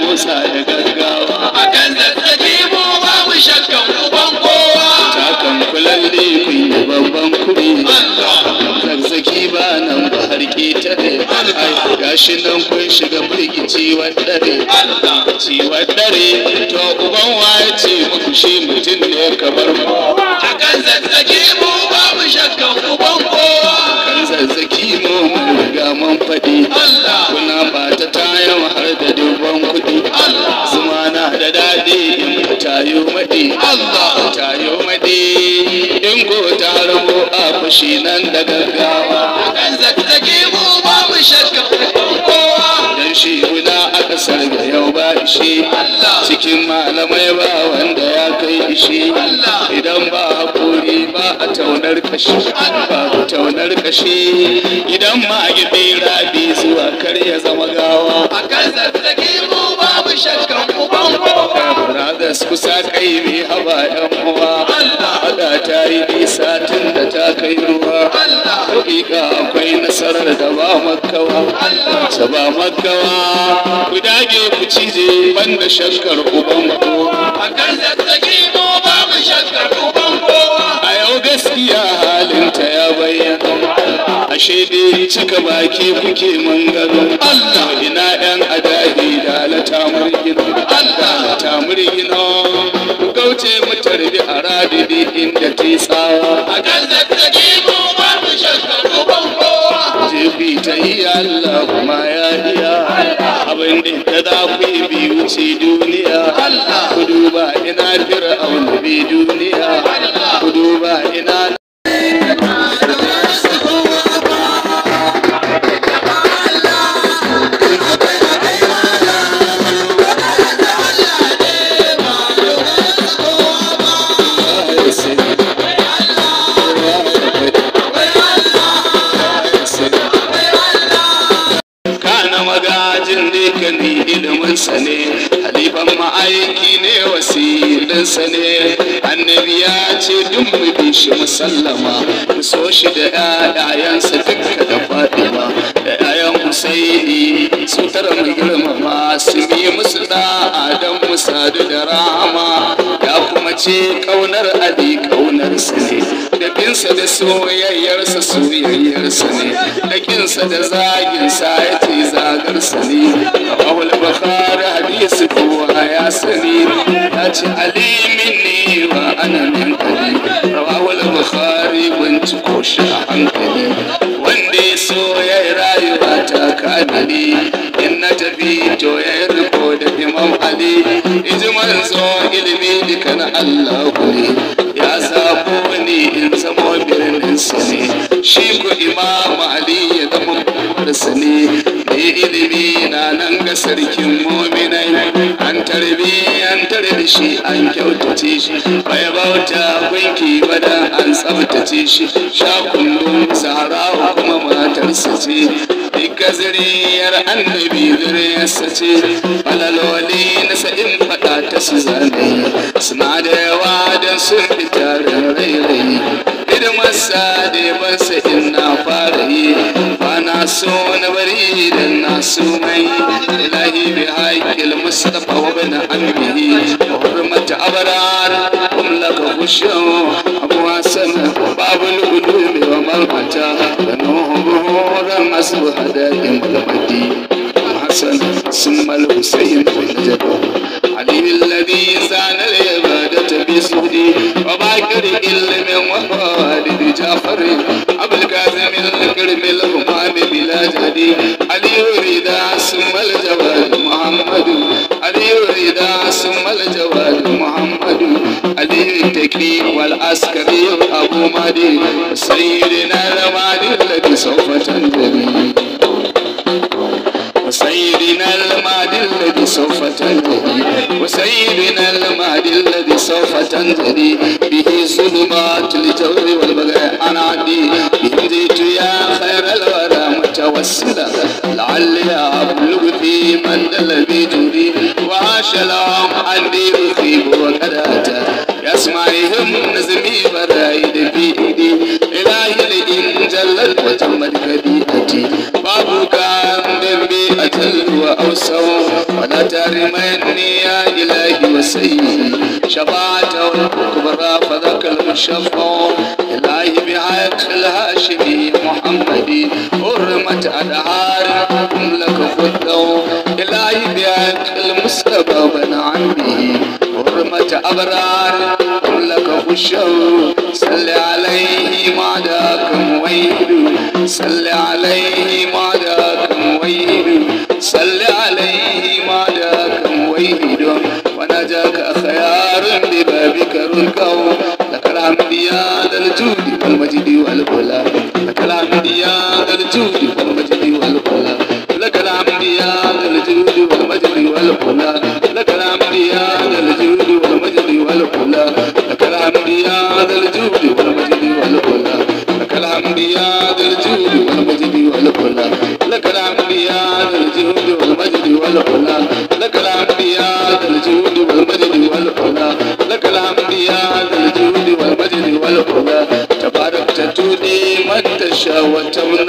musa da gaggawa a kan zazzabi mu babu shakkan uban kowa kakan kulalle kun yi babban kuɗi zazzaki ba nan ba harke ta ne gashi nan kun shiga mulki ciwon dare ciwon dare to uban waye ce muku shi mutum ne kamar mu shi nan da gaggawa akan zazzage mu babu shakka kowa dan shi guda a kasar da yau ba ishe cikin malamai ba wanda ya kai ishe idan ba hakuri ba a taunar kashi ba taunar kashi idan ma a gidi rabi zuwa kar ya zama gawa akan zazzage mu babu shakka uban kowa ragas kusa kai mai haba yan uwa haihuwa hakika akwai nasarar da ba makawa ta ba makawa ku dage ku cije banda shakkar uban kowa a kan zazzaki mu babu shakkar uban kowa a yau gaskiya halinta ya bayyana ashe dai cika baki kuke mangaro Allah ina yan adadi da la tamurgino Allah tamurgino inda tisawa a kan zazzagi mu ba mu shakkaru ban kowa jefi ta iya Allah kuma ya iya abin da ta za ku yi biyu ce duniya Allah ku duba ina fir'aun bi duniya ma ma'aiki ne wasilinsa ne annabi ya ce duk mu bi shi musallama so shi da ƴaƴayensa duka da fatima da ƴaƴan husaini su tara mu girmama su bi musu Adam, don da rahama ya kuma ce ƙaunar ali sa ne da binsa da soyayyarsa soyayyarsa ne da kinsa da zaginsa ya ce zagarsa ne imamul bukhari hadisi kowa ya sani ya ce ne wa ana min ali rawahul bukhari binciko shi a hankali wanda ya so ya yi rayuwa ta kanali in na tafi to ya yi riko da imam ali ijman so ilimi dukan allah kuri sarkin muminai an an da shi an kyautace shi bai bauta gunki bada an tsabtace shi sha kullum saharawa kuma matar ce duka zuriyar annabi zuriyarsa ce falaloli na sa'in faɗa ta su zane suna da yawa don sun fita rairayi masa da yabansa in na fara yi so na bari idan na so mai ilahi bi haikil mustafa wa bin amrihi wa abrar kum laka khushu abu hasan babul ulumi wa marfata wa nuhu huram asbu hadakin hasan summa al-husayn محمد علي رضا ثم الجواد محمد علي رضا ثم الجواد محمد علي التكريم والعسكري أبو مهدي سيدنا المهدي الذي سوف تنتهي وسيدنا المهدي الذي سوف تنتهي وسيدنا المهدي الذي سوف تنتهي به ظلمات الجور والبغي عن به زيت لعلي أبلغ في من الذي جودي وعاش لهم أني أصيب وكذا يسمعهم نزمي برايد في إيدي إلهي لإن جلت وتمت كبيئتي بابك ذنبي أجل وأوسع ولا ترمني يا إلهي وسيدي شفاعة الكبرى فذاك المشفع إلهي بعقل هاشمي محمدي حرمت أنهار كنت أبرار لك خشو صل عليه ما داكم ويل صل عليه ما داكم ويل صل عليه ما داكم ويل ونجاك خيار لبابك القوم لك الحمد يا ذا الجود والمجد والبلاد شهوة